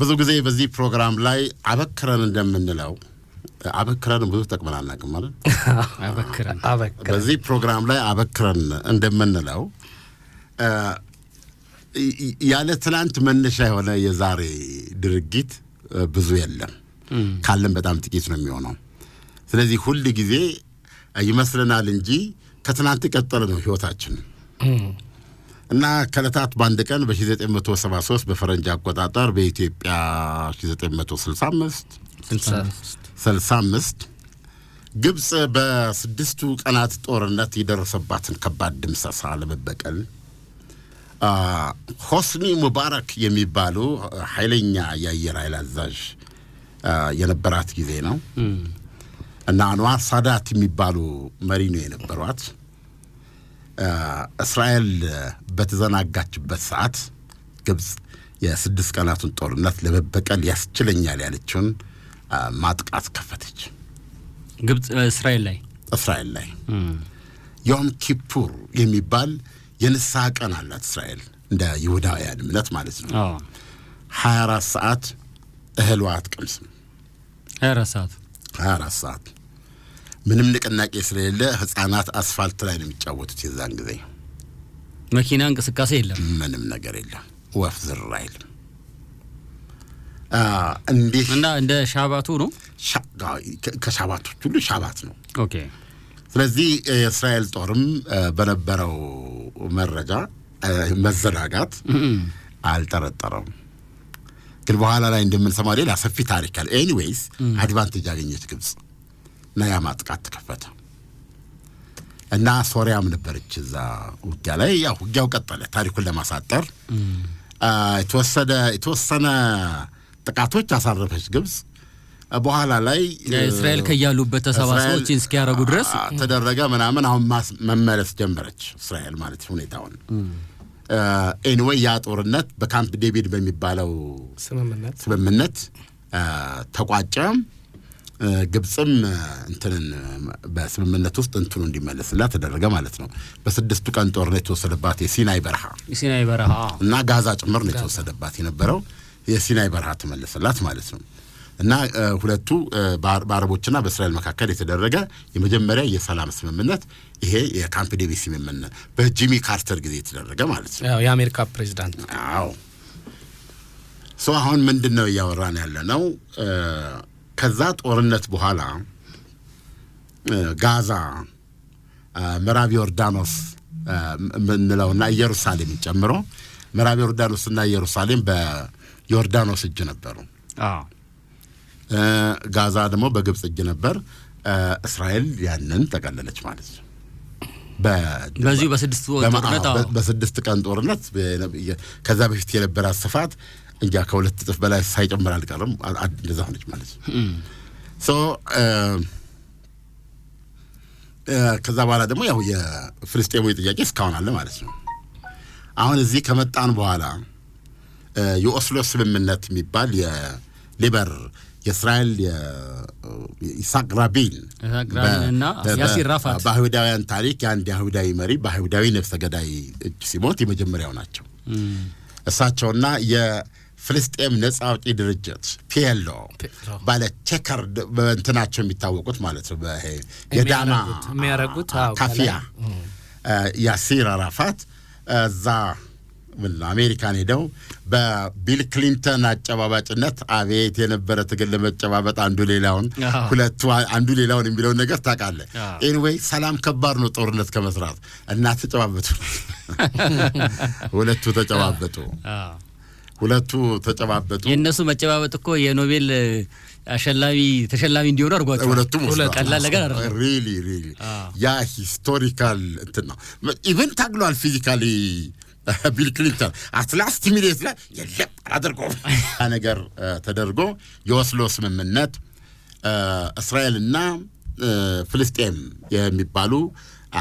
ብዙ ጊዜ በዚህ ፕሮግራም ላይ አበክረን እንደምንለው አበክረን ብዙ ተጠቅመን አናውቅም ማለት በዚህ ፕሮግራም ላይ አበክረን እንደምንለው ያለ ትናንት መነሻ የሆነ የዛሬ ድርጊት ብዙ የለም፣ ካለን በጣም ጥቂት ነው የሚሆነው። ስለዚህ ሁል ጊዜ ይመስለናል እንጂ ከትናንት የቀጠለ ነው ህይወታችን። እና ከእለታት በአንድ ቀን በ1973 በፈረንጅ አቆጣጠር በኢትዮጵያ 1965 65 ግብፅ በስድስቱ ቀናት ጦርነት የደረሰባትን ከባድ ድምሰሳ ለመበቀል ሆስኒ ሙባረክ የሚባሉ ኃይለኛ የአየር ኃይል አዛዥ የነበራት ጊዜ ነው እና አንዋር ሳዳት የሚባሉ መሪ ነው የነበሯት። እስራኤል በተዘናጋችበት ሰዓት ግብፅ የስድስት ቀናቱን ጦርነት ለመበቀል ያስችለኛል ያለችውን ማጥቃት ከፈተች። ግብፅ እስራኤል ላይ እስራኤል ላይ ዮም ኪፑር የሚባል የንስሐ ቀን አላት እስራኤል እንደ ይሁዳውያን እምነት ማለት ነው። ሀያ አራት ሰዓት እህል አትቀምስም። ሀያ አራት ሰዓት ሀያ አራት ሰዓት ምንም ንቅናቄ ስለሌለ ህጻናት አስፋልት ላይ ነው የሚጫወቱት። የዛን ጊዜ መኪና እንቅስቃሴ የለም፣ ምንም ነገር የለም። ወፍ ዝር አይልም። እንዲህ እና እንደ ሻባቱ ነው። ከሻባቶች ሁሉ ሻባት ነው። ኦኬ። ስለዚህ የእስራኤል ጦርም በነበረው መረጃ መዘናጋት አልጠረጠረም። ግን በኋላ ላይ እንደምንሰማ ሌላ ሰፊ ታሪክ አለ። ኤኒዌይስ አድቫንቴጅ ያገኘች ግብጽ እና ያ ማጥቃት ተከፈተ እና ሶሪያም ነበረች እዛ ውጊያ ላይ። ያው ውጊያው ቀጠለ። ታሪኩን ለማሳጠር የተወሰነ የተወሰነ ጥቃቶች አሳረፈች ግብጽ። በኋላ ላይ እስራኤል ከያሉበት ተሰባሰቦችን እስኪያረጉ ድረስ ተደረገ ምናምን። አሁን መመለስ ጀመረች እስራኤል ማለት ሁኔታውን ኤኒዌይ ያ ጦርነት በካምፕ ዴቪድ በሚባለው ስምምነት ተቋጨም። ግብፅም እንትንን በስምምነት ውስጥ እንትኑ እንዲመለስላት ተደረገ ማለት ነው። በስድስቱ ቀን ጦርነት የተወሰደባት የሲናይ በረሃ የሲናይ በረሃ እና ጋዛ ጭምር ነው የተወሰደባት የነበረው የሲናይ በረሃ ተመለሰላት ማለት ነው። እና ሁለቱ በአረቦችና በእስራኤል መካከል የተደረገ የመጀመሪያ የሰላም ስምምነት ይሄ የካምፕ ዴቪድ ስምምነት በጂሚ ካርተር ጊዜ የተደረገ ማለት ነው። የአሜሪካ ፕሬዚዳንት። አዎ። አሁን ምንድን ነው እያወራን ያለ ነው? ከዛ ጦርነት በኋላ ጋዛ፣ ምዕራብ ዮርዳኖስ የምንለውና ኢየሩሳሌም ጨምሮ ምዕራብ ዮርዳኖስና ኢየሩሳሌም በዮርዳኖስ እጅ ነበሩ። ጋዛ ደግሞ በግብፅ እጅ ነበር። እስራኤል ያንን ጠቀለለች ማለት ነው። በዚሁ በስድስት ቀን ጦርነት ከዛ በፊት የነበራት ስፋት እንጃ ከሁለት እጥፍ በላይ ሳይጨምር አልቀርም። እንደዛ ሆነች ማለት ከዛ በኋላ ደግሞ ያው የፍልስጤሞች ጥያቄ እስካሁን አለ ማለት ነው። አሁን እዚህ ከመጣን በኋላ የኦስሎ ስምምነት የሚባል የሊበር የእስራኤል የኢሳቅ ራቢን በአይሁዳውያን ታሪክ የአንድ አይሁዳዊ መሪ በአይሁዳዊ ነፍሰ ገዳይ እጅ ሲሞት የመጀመሪያው ናቸው። እሳቸውና ፍልስጤም ነጻ አውጪ ድርጅት ፒኤሎ ባለ ቼከር እንትናቸው የሚታወቁት ማለት ነው። የዳማ የሚያረጉት ካፊያ ያሲር አራፋት እዛ አሜሪካን ሄደው በቢል ክሊንተን አጨባባጭነት አቤት የነበረ ትግል ለመጨባበጥ አንዱ ሌላውን ሁለቱ አንዱ ሌላውን የሚለውን ነገር ታውቃለህ። ኤኒዌይ ሰላም ከባድ ነው ጦርነት ከመስራት እና ተጨባበጡ፣ ሁለቱ ተጨባበጡ። ሁለቱ ተጨባበጡ። የእነሱ መጨባበጥ እኮ የኖቤል አሸላሚ ተሸላሚ እንዲሆኑ አድርጓቸዋል። ሁለቱም ቀላል ነገር አይደለም። ሪሊ ሪሊ ያ ሂስቶሪካል እንትን ነው። ኢቨን ታግሏል ፊዚካሊ ቢል ክሊንተን አትላስት ሚዲየት ላይ የለም አላደርገውም ነገር ተደርጎ የኦስሎ ስምምነት እስራኤልና ፍልስጤም የሚባሉ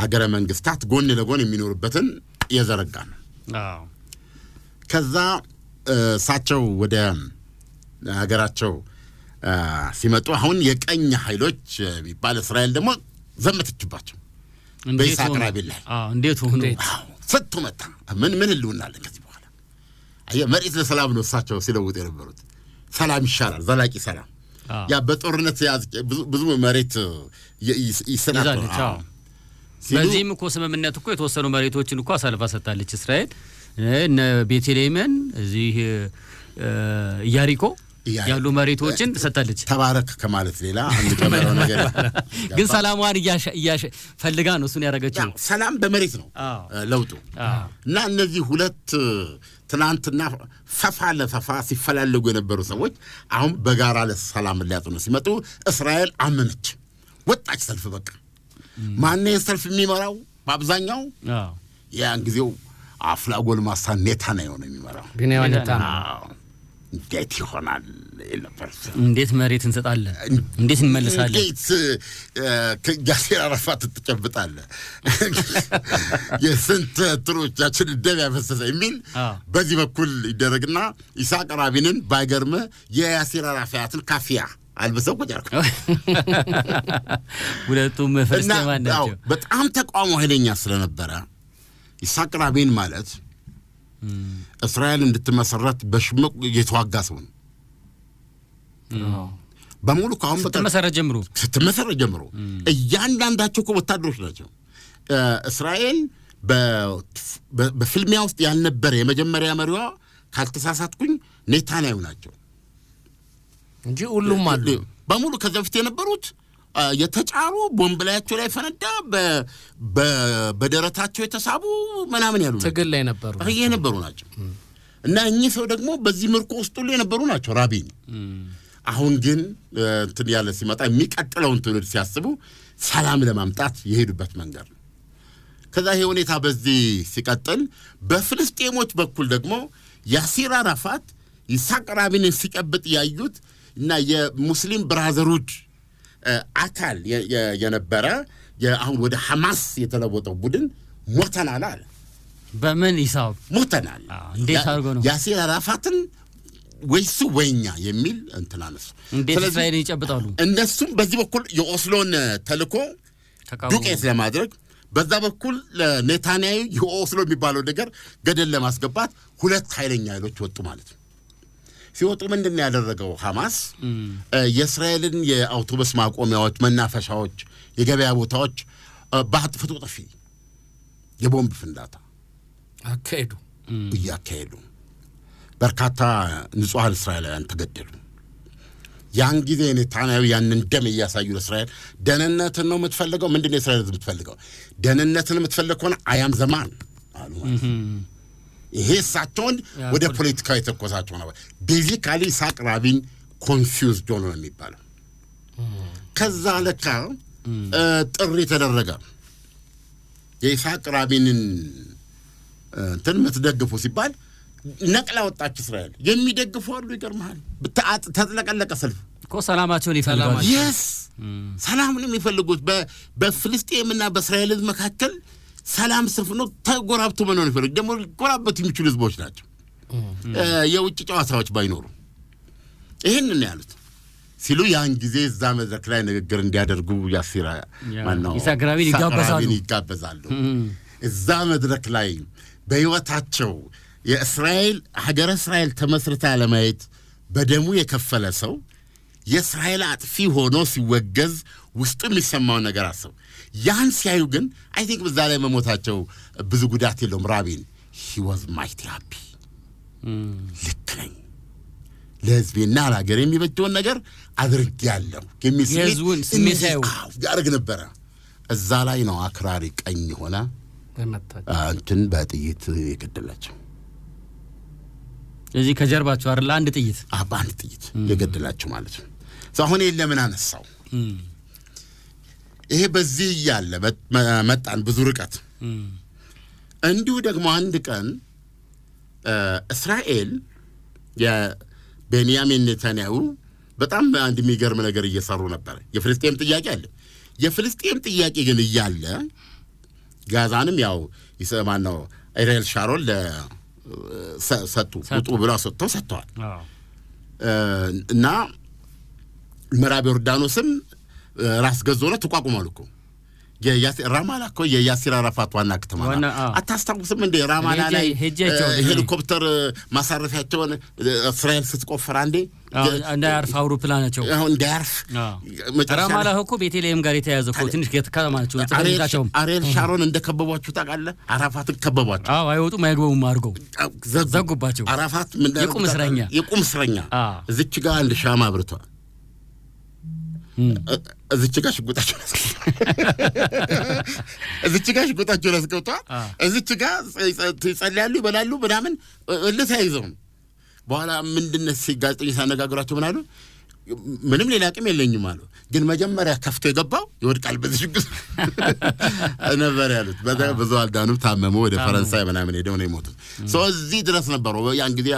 ሀገረ መንግስታት ጎን ለጎን የሚኖሩበትን የዘረጋ ነው። ከዛ እሳቸው ወደ ሀገራቸው ሲመጡ አሁን የቀኝ ኃይሎች የሚባል እስራኤል ደግሞ ዘመተችባቸው በይስ አቅራቢ ላይ እንዴት ሆኑ ስቱ መታ ምን ምን ልውናለን ከዚህ በኋላ አየህ መሬት ለሰላም ነው እሳቸው ሲለውጥ የነበሩት ሰላም ይሻላል ዘላቂ ሰላም ያ በጦርነት ብዙ መሬት ይሰናል በዚህም እኮ ስምምነት እኮ የተወሰኑ መሬቶችን እኮ አሳልፋ ሰጥታለች እስራኤል እነ ቤተልሔምን እዚህ ኢያሪኮ ያሉ መሬቶችን ሰጠልች። ተባረክ ከማለት ሌላ አንጨመረው ነገር ግን ሰላሟን ፈልጋ ነው እሱን ያደረገችው። ሰላም በመሬት ነው ለውጡ እና እነዚህ ሁለት ትናንትና ፈፋ ለፈፋ ሲፈላለጉ የነበሩ ሰዎች አሁን በጋራ ለሰላም ሊያጽኑ ሲመጡ እስራኤል አመነች፣ ወጣች ሰልፍ። በቃ ማነው ሰልፍ የሚመራው? በአብዛኛው ያን ጊዜው አፍላ ጎልማሳ ኔታ ነው የሆነ የሚመራው እንዴት ይሆናል ነበር። እንዴት መሬት እንሰጣለን፣ እንዴት እንመልሳለን፣ እንዴት ያሴር አረፋት ትጨብጣለህ፣ የስንት ትሮቻችን ደም ያፈሰሰ የሚል በዚህ በኩል ይደረግና ኢሳቅ ራቢንን ባይገርምህ የያሴር አረፋትን ካፊያ አልብሰው ቁጭ አልኩ። ሁለቱም ፍልስጤማን ናቸው። በጣም ተቃውሞ ኃይለኛ ስለነበረ ይስሐቅ ራቢን ማለት እስራኤል እንድትመሰረት በሽምቅ የተዋጋ ሰው ነው። በሙሉ ከአሁን ስትመሰረት ጀምሮ ስትመሰረት ጀምሮ እያንዳንዳቸው እኮ ወታደሮች ናቸው። እስራኤል በፍልሚያ ውስጥ ያልነበረ የመጀመሪያ መሪዋ ካልተሳሳትኩኝ ኔታንያሁ ናቸው እንጂ ሁሉም አሉ በሙሉ ከዚያ በፊት የነበሩት የተጫሩ ቦምብ ላያቸው ላይ ፈነዳ፣ በደረታቸው የተሳቡ ምናምን ያሉ ትግል ላይ ነበሩ የነበሩ ናቸው እና እኚህ ሰው ደግሞ በዚህ ምርኮ ውስጥ ሁሉ የነበሩ ናቸው ራቢን። አሁን ግን እንትን ያለ ሲመጣ የሚቀጥለውን ትውልድ ሲያስቡ ሰላም ለማምጣት የሄዱበት መንገድ ነው። ከዛ ይሄ ሁኔታ በዚህ ሲቀጥል በፍልስጤሞች በኩል ደግሞ ያሲር አራፋት ይስሐቅ ራቢንን ሲጨብጥ ያዩት እና የሙስሊም ብራዘርሁድ አካል የነበረ አሁን ወደ ሐማስ የተለወጠው ቡድን ሞተናል አለ። በምን ሂሳብ ሞተናል? እንዴት አድርጎ ነው ያሴር አራፋትን ወይሱ ወይኛ የሚል እንትና ነሱ እንዴት እስራኤልን ይጨብጣሉ። እነሱም በዚህ በኩል የኦስሎን ተልእኮ ዱቄት ለማድረግ በዛ በኩል ለኔታንያዊ የኦስሎ የሚባለው ነገር ገደል ለማስገባት ሁለት ኃይለኛ ኃይሎች ወጡ ማለት ነው። ሲወጡ ምንድን ያደረገው ሐማስ የእስራኤልን የአውቶቡስ ማቆሚያዎች፣ መናፈሻዎች፣ የገበያ ቦታዎች በአጥፍቶ ጠፊ የቦምብ ፍንዳታ አካሄዱ እያካሄዱ በርካታ ንጹሐን እስራኤላውያን ተገደሉ። ያን ጊዜ ኔታንያሁ ያንን ደም እያሳዩ ለእስራኤል ደህንነትን ነው የምትፈልገው? ምንድን ነው የእስራኤል የምትፈልገው? ደህንነትን የምትፈልግ ከሆነ አያም ዘማን አሉ ማለት ነው። ይሄ እሳቸውን ወደ ፖለቲካ የተኮሳቸው ነበር። ቤዚካሊ ኢሳቅ ራቢን ኮንፊውዝድ ሆኖ ነው የሚባለው። ከዛ ለካ ጥሪ ተደረገ። የኢሳቅ ራቢንን እንትን የምትደግፉ ሲባል ነቅላ ወጣች እስራኤል። የሚደግፉ አሉ። ይገርመሃል፣ ተጥለቀለቀ ሰልፍ እኮ ሰላማቸውን ይፈልጋሉ። የስ ሰላምን የሚፈልጉት በፍልስጤምና በእስራኤል ህዝብ መካከል ሰላም ሰፍኖ ተጎራብቶ መኖር ይፈልግ ደግሞ ሊጎራበት የሚችሉ ህዝቦች ናቸው። የውጭ ጨዋታዎች ባይኖሩ ነው ያሉት ሲሉ ያን ጊዜ እዛ መድረክ ላይ ንግግር እንዲያደርጉ ያሲራ ማነው ይጋበዛሉ። እዛ መድረክ ላይ በህይወታቸው የእስራኤል ሀገረ እስራኤል ተመስርታ ለማየት በደሙ የከፈለ ሰው የእስራኤል አጥፊ ሆኖ ሲወገዝ ውስጡ የሚሰማው ነገር አሰብ ያን ሲያዩ ግን አይ ቲንክ በዛ ላይ መሞታቸው ብዙ ጉዳት የለውም። ራቢን ሂ ዋዝ ማይቲ ቴራፒ። ልክ ነኝ ለህዝቤና ለሀገር የሚበጀውን ነገር አድርጌያለሁ የሚል ስሜት ያደርግ ነበረ። እዛ ላይ ነው አክራሪ ቀኝ የሆነ እንትን በጥይት የገደላቸው። ስለዚህ ከጀርባቸው አይደል አንድ ጥይት አንድ ጥይት የገደላቸው ማለት ነው። አሁን ይሄን ለምን አነሳው? ይሄ በዚህ እያለ መጣን ብዙ ርቀት። እንዲሁ ደግሞ አንድ ቀን እስራኤል የቤንያሚን ኔታንያሁ በጣም አንድ የሚገርም ነገር እየሰሩ ነበር። የፍልስጤም ጥያቄ አለ። የፍልስጤም ጥያቄ ግን እያለ ጋዛንም ያው ይሰማን ነው ኢሪኤል ሻሮን ሰጡ ውጡ ብለው ሰጥተው ሰጥተዋል እና ምዕራብ ዮርዳኖስም ራስ ገዝ ሆኖ ተቋቁሟል እኮ ራማላ እኮ የያሲር አራፋት ዋና ከተማ አታስታውስም እንዴ? ራማላ ላይ ሄሊኮፕተር ማሳረፊያቸውን እስራኤል ስትቆፈር አንዴ እንዳያርፍ አውሮፕላናቸው እንዳያርፍ ራማላ እኮ ቤተልሔም ጋር የተያዘ እኮ ትንሽ ከተማቸው ናቸውም። አሬል ሻሮን እንደከበቧችሁ ታውቃለህ? አራፋትን ከበቧቸው። አዎ አይወጡም አይግበቡም አድርገው ዘጉባቸው። አራፋት የቁም እስረኛ የቁም እስረኛ። እዚች ጋር አንድ ሻማ አብርቷል። እዚች ጋር ሽጉጣቸውን እዚች ጋር እዚች ጋር ይጸልያሉ፣ ይበላሉ፣ ምናምን እልህ በኋላ ሳነጋግሯቸው ምናሉ ምንም ሌላ አቅም የለኝም አሉ። ግን መጀመሪያ ከፍቶ የገባው ይወድቃል በዚህ ሽጉጥ ነበር ያሉት። ብዙ አልዳኑም፣ ታመሙ። ወደ ፈረንሳይ ምናምን ሄደው ነው የሞቱት። እዚህ ድረስ ነበሩ። ያን ጊዜ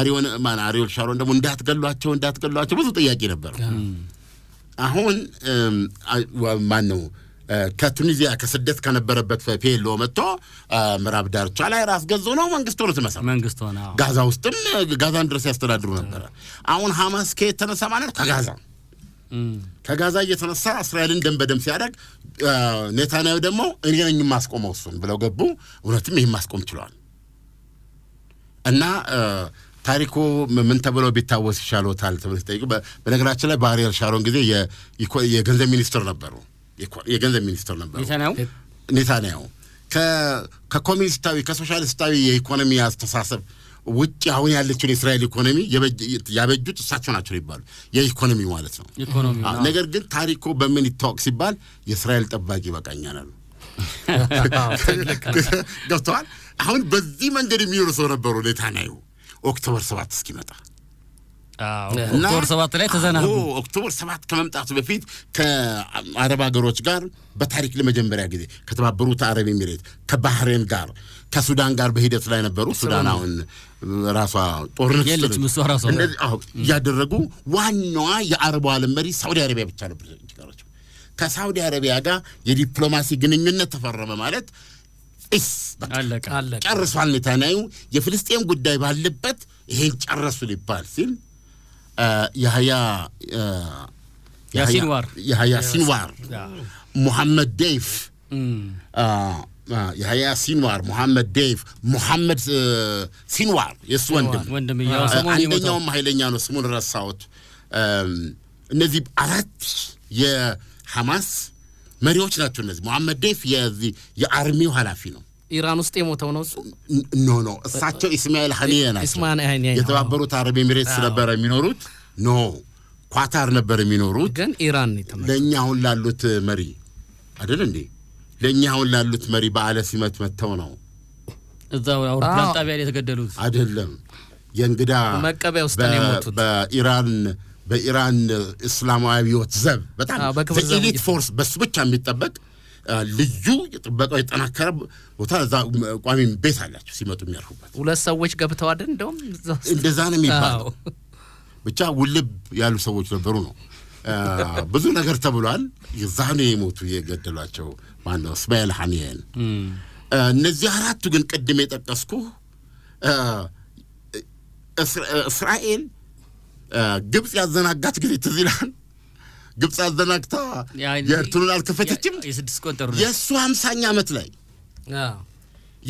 አሪዮን ማን አሪዮል ሻሮን ደግሞ እንዳትገሏቸው፣ እንዳትገሏቸው ብዙ ጥያቄ ነበረው። አሁን ማን ነው ከቱኒዚያ ከስደት ከነበረበት ፔሎ መጥቶ ምዕራብ ዳርቻ ላይ ራስ ገዝ ነው መንግስት ሆነ ትመሰረት መንግስት ሆነ ጋዛ ውስጥም ጋዛን ድረስ ያስተዳድሩ ነበረ። አሁን ሐማስ ከየት ተነሳ ማለት ከጋዛ ከጋዛ እየተነሳ እስራኤልን ደም በደም ሲያደርግ ኔታንያሁ ደግሞ እኔ ነኝ የማስቆመው እሱን ብለው ገቡ። እውነትም ይህም ማስቆም ችለዋል እና ታሪኮ ምን ተብሎ ቢታወስ ይሻሎታል ተብሎ ሲጠይቁ፣ በነገራችን ላይ በአሪያል ሻሮን ጊዜ የገንዘብ ሚኒስትር ነበሩ። የገንዘብ ሚኒስትር ነበሩ ኔታንያሁ። ከኮሚኒስታዊ ከሶሻሊስታዊ የኢኮኖሚ አስተሳሰብ ውጭ አሁን ያለችውን የእስራኤል ኢኮኖሚ ያበጁት እሳቸው ናቸው ይባሉ የኢኮኖሚ ማለት ነው። ነገር ግን ታሪኮ በምን ይታወቅ ሲባል የእስራኤል ጠባቂ ይበቃኛል አሉ። ገብተዋል። አሁን በዚህ መንገድ የሚኖሩ ሰው ነበሩ ኔታንያሁ ኦክቶበር ሰባት እስኪመጣ ኦክቶበር ሰባት ላይ ተዘናጉ። ኦክቶበር ሰባት ከመምጣቱ በፊት ከአረብ ሀገሮች ጋር በታሪክ ለመጀመሪያ ጊዜ ከተባበሩት አረብ ኤሚሬት ከባህሬን ጋር ከሱዳን ጋር በሂደት ላይ ነበሩ። ሱዳን አሁን ራሷ ጦርነት እያደረጉ ዋናዋ የአረቡ ዓለም መሪ ሳውዲ አረቢያ ብቻ ነበር። ከሳውዲ አረቢያ ጋር የዲፕሎማሲ ግንኙነት ተፈረመ ማለት ጭስ ጨርሷል። ኔታንያሁ የፍልስጤም ጉዳይ ባለበት ይሄን ጨረሱ ሊባል ሲል የሀያ የሀያ ሲንዋር ሙሐመድ ዴይፍ የሀያ ሲንዋር ሙሐመድ ዴይፍ ሙሐመድ ሲንዋር የእሱ ወንድም አንደኛውም ኃይለኛ ነው፣ ስሙን ረሳሁት። እነዚህ አራት የሐማስ መሪዎች ናቸው እነዚህ። መሐመድ ደይፍ የዚህ የአርሚው ኃላፊ ነው። ኢራን ውስጥ የሞተው ነው እሱ። ኖ ኖ፣ እሳቸው ኢስማኤል ሀኒየ ናቸው። የተባበሩት አረብ ኤሚሬትስ ነበረ የሚኖሩት። ኖ ኳታር ነበር የሚኖሩት፣ ግን ኢራን ለእኛ አሁን ላሉት መሪ አይደል እንዴ? ለእኛ አሁን ላሉት መሪ በዓለ ሲመት መጥተው ነው እዛው አውሮፕላን ጣቢያ ላይ የተገደሉት። አይደለም የእንግዳ መቀበያ ውስጥ ነው የሞቱት በኢራን በኢራን እስላማዊ ህይወት ዘብ በጣም ኤሊት ፎርስ በሱ ብቻ የሚጠበቅ ልዩ የጥበቃው የጠናከረ ቦታ እዛ ቋሚ ቤት አላቸው ሲመጡ የሚያርፉበት። ሁለት ሰዎች ገብተው እንደውም እንደዛ ነው የሚባለው። ብቻ ውልብ ያሉ ሰዎች ነበሩ ነው። ብዙ ነገር ተብሏል። የዛኔ የሞቱ የገደሏቸው ማነው? እስማኤል ሐኒየን። እነዚህ አራቱ ግን ቅድም የጠቀስኩ እስራኤል ግብፅ ያዘናጋት ጊዜ ትዝ ይልሃል? ግብፅ አዘናግታ የእንትኑን አልከፈተችም። የእሱ ሀምሳኛ ዓመት ላይ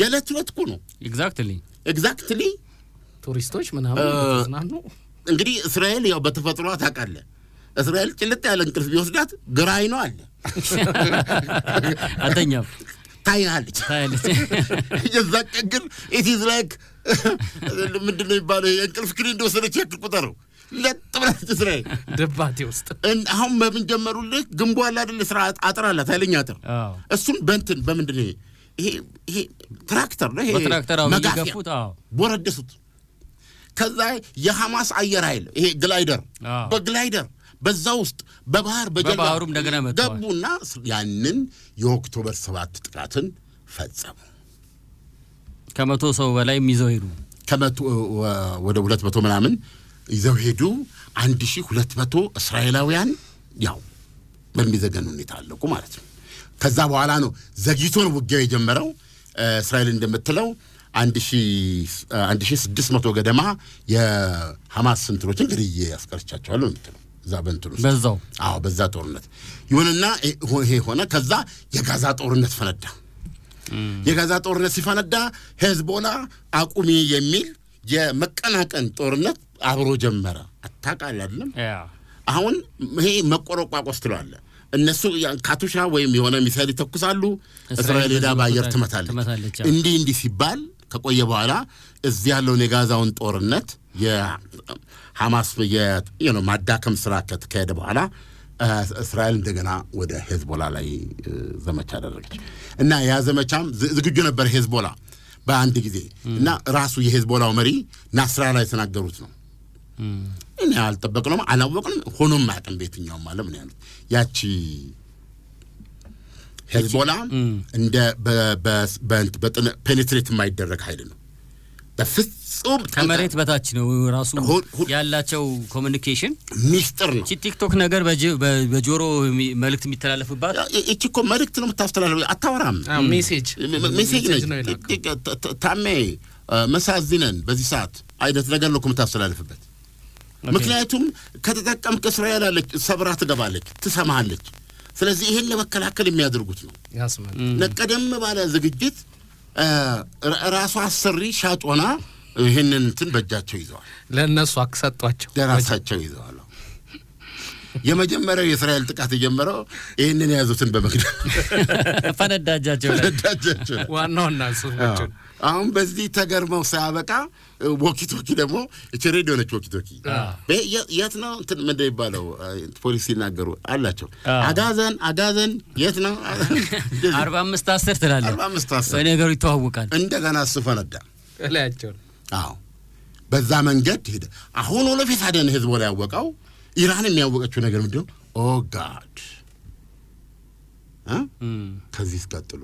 የዕለት ዕለት እኮ ነው። ኤግዛክትሊ ኤግዛክትሊ ቱሪስቶች ምናምን እንግዲህ እስራኤል ያው በተፈጥሮ ታውቃለህ። እስራኤል ጭልጥ ያለ እንቅልፍ ቢወስዳት ግራኝ ነው አለ አተኛም ታይናለች። የዛ ቀን ግን ኢትዝ ላይክ ምንድን ነው የሚባለው የእንቅልፍ ክሪ እንደወሰደች ያክል ቁጠረው ለጥ ብለህ ትስራይ ደባቴ ውስጥ አሁን በምን ጀመሩልህ? ግንቦ አለ አይደል? ስራ አጥር አላት ኃይለኛ አጥር። እሱን በእንትን በምንድን ነው ይሄ ይሄ ትራክተር ነው ይሄ መጋፊያ ወረደሱት። ከዛ የሐማስ አየር ኃይል ይሄ ግላይደር በግላይደር በዛ ውስጥ በባህር በጀልባ ገቡና ያንን የኦክቶበር ሰባት ጥቃትን ፈጸሙ። ከመቶ ሰው በላይ ይዘው ሄዱ። ከመቶ ወደ ሁለት መቶ ምናምን ይዘው ሄዱ። አንድ ሺህ ሁለት መቶ እስራኤላውያን ያው በሚዘገን ሁኔታ አለቁ ማለት ነው። ከዛ በኋላ ነው ዘግይቶን ውጊያው የጀመረው። እስራኤል እንደምትለው አንድ ሺህ ስድስት መቶ ገደማ የሐማስ ስንትሮችን ግድዬ ያስቀርቻቸዋለሁ የምትለው እዛ ውስጥ በዛው አዎ፣ በዛ ጦርነት ይሁንና ይሄ ሆነ። ከዛ የጋዛ ጦርነት ፈነዳ። የጋዛ ጦርነት ሲፈነዳ ሄዝቦላ አቁሚ የሚል የመቀናቀን ጦርነት አብሮ ጀመረ። አታውቃለህ አይደለም? አሁን ይሄ መቆረቋቆስ ትለዋለህ። እነሱ ካቱሻ ወይም የሆነ ሚሳይል ይተኩሳሉ፣ እስራኤል ሄዳ በአየር ትመታለች። እንዲህ እንዲህ ሲባል ከቆየ በኋላ እዚህ ያለውን የጋዛውን ጦርነት የሐማስ ማዳከም ስራ ከተካሄደ በኋላ እስራኤል እንደገና ወደ ሄዝቦላ ላይ ዘመቻ አደረገች እና ያ ዘመቻም ዝግጁ ነበር ሄዝቦላ በአንድ ጊዜ እና ራሱ የሄዝቦላው መሪ ናስራ ላይ የተናገሩት ነው እኔ አልጠበቅነውም፣ አላወቅንም፣ ሆኖም አያውቅም። በየትኛውም ዓለም ነው ያሉት ያቺ ሄዝቦላ እንደ ፔኔትሬት የማይደረግ ኃይል ነው። በፍጹም ከመሬት በታች ነው። ራሱ ያላቸው ኮሚኒኬሽን ሚስጥር ነው። ቲክቶክ ነገር በጆሮ መልእክት የሚተላለፍባት እቺ እኮ መልእክት ነው የምታስተላለፍ፣ አታወራም። ሜሴጅ ሜሴጅ ነው። ታሜ መሳዝነን በዚህ ሰዓት አይነት ነገር ነው እኮ የምታስተላልፍበት ምክንያቱም ከተጠቀምክ እስራኤል አለች ሰብራ ትገባለች፣ ትሰማሃለች። ስለዚህ ይህን ለመከላከል የሚያደርጉት ነው። ቀደም ባለ ዝግጅት ራሷ አሰሪ ሻጦና ይህንን እንትን በእጃቸው ይዘዋል። ለእነሱ አክሰጧቸው ለራሳቸው ይዘዋል። የመጀመሪያው የእስራኤል ጥቃት የጀመረው ይህንን የያዙትን በመግደል ፈነዳጃቸው ላይ ዋና ዋና ጽሁፎችን አሁን በዚህ ተገርመው ሳያበቃ ወኪቶኪ ደግሞ እች ሬዲዮ ነች። ወኪቶኪ የት ነው ምንድን ይባለው ፖሊስ ሲናገሩ አላቸው። አጋዘን አጋዘን የት ነው? አርባ አምስት አስር ትላለህ። አርባ አምስት አስር ነገሩ ይተዋወቃል። እንደገና እሱ ፈነዳ እላቸው። አዎ በዛ መንገድ ሄደ። አሁን ወደፊት አደን ህዝቦ ላይ ያወቀው ኢራን የሚያወቀችው ነገር ምንድነው? ኦ ጋድ ከዚህ ቀጥሎ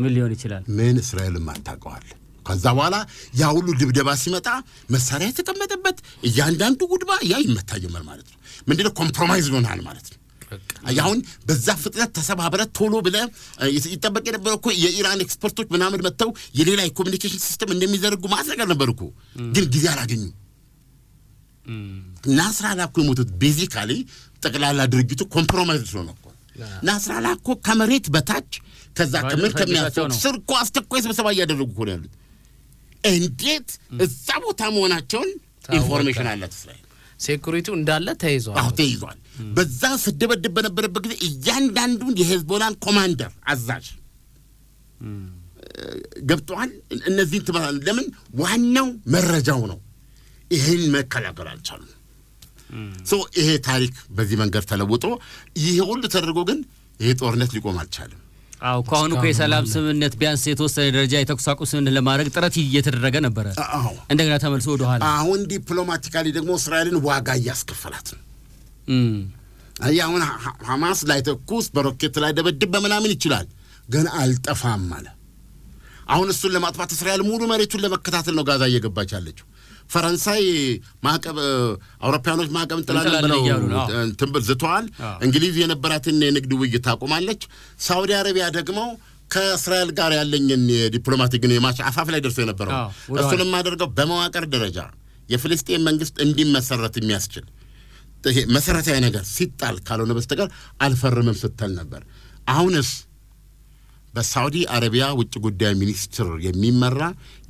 ምን ሊሆን ይችላል? ምን እስራኤልም አታውቀዋል። ከዛ በኋላ ያ ሁሉ ድብደባ ሲመጣ መሳሪያ የተቀመጠበት እያንዳንዱ ጉድባ ያ ይመታ ጀመር ማለት ነው። ምንድነው ኮምፕሮማይዝ ይሆናል ማለት ነው። አሁን በዛ ፍጥነት ተሰባብረ ቶሎ ብለ ይጠበቅ የነበረ እኮ የኢራን ኤክስፐርቶች ምናምን መጥተው የሌላ የኮሚኒኬሽን ሲስተም እንደሚዘረጉ ማስረገር ነበር እኮ ግን ጊዜ አላገኙም። ናስራላ እኮ የሞቱት ቤዚካሊ ጠቅላላ ድርጅቱ ኮምፕሮማይዝ ስለሆነ እኮ ናስራላ እኮ ከመሬት በታች ከዛ ክምር ከሚያስወቅ ስር እኮ አስቸኳይ ስብሰባ እያደረጉ እኮ ነው ያሉት። እንዴት እዛ ቦታ መሆናቸውን ኢንፎርሜሽን አላት እስራኤል። ሴኩሪቲው እንዳለ ተይዟል። አዎ ተይዟል። በዛ ስደበድብ በነበረበት ጊዜ እያንዳንዱን የሄዝቦላን ኮማንደር አዛዥ ገብተዋል። እነዚህን ትበላል። ለምን ዋናው መረጃው ነው። ይህን መከላከል አልቻሉም። ይሄ ታሪክ በዚህ መንገድ ተለውጦ ይሄ ሁሉ ተደርጎ ግን ይሄ ጦርነት ሊቆም አልቻለም። አው ከአሁኑ እኮ የሰላም ስምምነት ቢያንስ የተወሰነ ደረጃ የተኩስ አቁም ስምምነት ለማድረግ ጥረት እየተደረገ ነበረ። እንደገና ተመልሶ ወደኋላ። አሁን ዲፕሎማቲካሊ ደግሞ እስራኤልን ዋጋ እያስከፈላት ነው። አሁን ሐማስ ላይ ተኩስ በሮኬት ላይ ደበድብ በምናምን ይችላል፣ ግን አልጠፋም አለ። አሁን እሱን ለማጥፋት እስራኤል ሙሉ መሬቱን ለመከታተል ነው ጋዛ እየገባች ያለችው። ፈረንሳይ ማዕቀብ አውሮፓያኖች ማዕቀብ እንጥላለን ብለው ትንብል ዝተዋል። እንግሊዝ የነበራትን የንግድ ውይይት ታቆማለች። ሳውዲ አረቢያ ደግሞ ከእስራኤል ጋር ያለኝን የዲፕሎማቲክ ግንኙነት አፋፍ ላይ ደርሶ የነበረው እሱን የማደርገው በመዋቅር ደረጃ የፍልስጤን መንግስት እንዲመሰረት የሚያስችል መሰረታዊ ነገር ሲጣል ካልሆነ በስተቀር አልፈርምም ስትል ነበር። አሁንስ በሳውዲ አረቢያ ውጭ ጉዳይ ሚኒስትር የሚመራ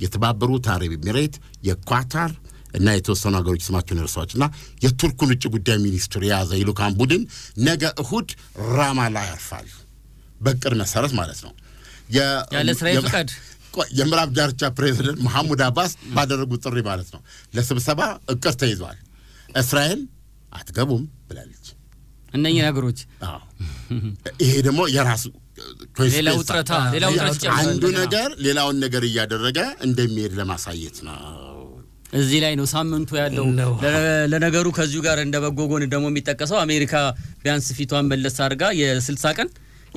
የተባበሩት አረብ ኤሚሬት፣ የኳታር እና የተወሰኑ ሀገሮች ስማቸውን እርሳዎች እና የቱርኩን ውጭ ጉዳይ ሚኒስትር የያዘ የልዑካን ቡድን ነገ እሁድ ራማላ ያርፋል። በቅር መሰረት ማለት ነው። ያለ እስራኤል ፍቃድ የምዕራብ ዳርቻ ፕሬዚደንት መሐሙድ አባስ ባደረጉት ጥሪ ማለት ነው ለስብሰባ እቅድ ተይዟል። እስራኤል አትገቡም ብላለች። እነኚህ ነገሮች ይሄ ደግሞ የራሱ ሌላ ሌላ ውጥረት አንዱ ነገር ሌላውን ነገር እያደረገ እንደሚሄድ ለማሳየት ነው። እዚህ ላይ ነው ሳምንቱ ያለው። ለነገሩ ከዚሁ ጋር እንደ በጎ ጎን ደግሞ የሚጠቀሰው አሜሪካ ቢያንስ ፊቷን መለስ አድርጋ የስልሳ ቀን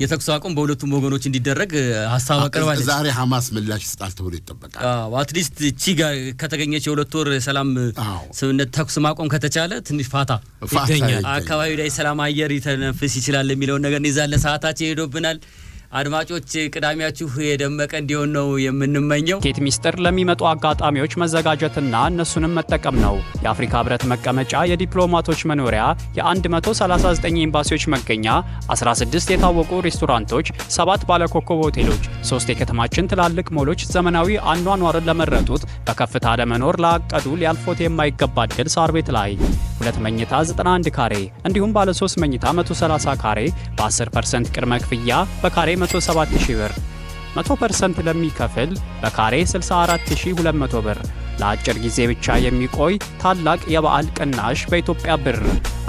የተኩስ አቁም በሁለቱም ወገኖች እንዲደረግ ሀሳብ አቅርባለች። ዛሬ ሀማስ ምላሽ ይሰጣል ተብሎ ይጠበቃል። አትሊስት እቺ ጋር ከተገኘች የሁለት ወር ሰላም ስምምነት ተኩስ ማቆም ከተቻለ ትንሽ ፋታ ይገኛል፣ አካባቢ ላይ ሰላም አየር ይተነፍስ ይችላል የሚለውን ነገር እንይዛለን። ሰዓታችን ሄዶብናል። አድማጮች ቅዳሜያችሁ የደመቀ እንዲሆን ነው የምንመኘው። ኬት ሚስጥር ለሚመጡ አጋጣሚዎች መዘጋጀትና እነሱንም መጠቀም ነው። የአፍሪካ ህብረት መቀመጫ፣ የዲፕሎማቶች መኖሪያ፣ የ139 ኤምባሲዎች መገኛ፣ 16 የታወቁ ሬስቶራንቶች፣ 7 ባለኮከብ ሆቴሎች፣ 3 የከተማችን ትላልቅ ሞሎች ዘመናዊ አኗኗርን ለመረጡት በከፍታ ለመኖር ላቀዱ ሊያልፎት የማይገባ እድል ሳር ቤት ላይ ሁለት መኝታ 91 ካሬ እንዲሁም ባለ 3 መኝታ 130 ካሬ በ10% ቅድመ ክፍያ በካሬ 107ሺ ብር 100% ለሚከፍል በካሬ 64200 ብር ለአጭር ጊዜ ብቻ የሚቆይ ታላቅ የበዓል ቅናሽ በኢትዮጵያ ብር።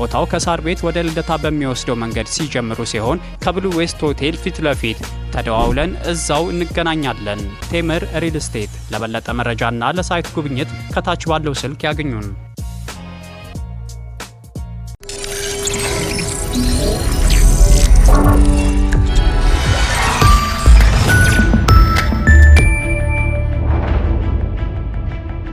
ቦታው ከሳር ቤት ወደ ልደታ በሚወስደው መንገድ ሲጀምሩ ሲሆን ከብሉ ዌስት ሆቴል ፊት ለፊት ተደዋውለን እዛው እንገናኛለን። ቴምር ሪል ስቴት። ለበለጠ መረጃና ለሳይት ጉብኝት ከታች ባለው ስልክ ያገኙን።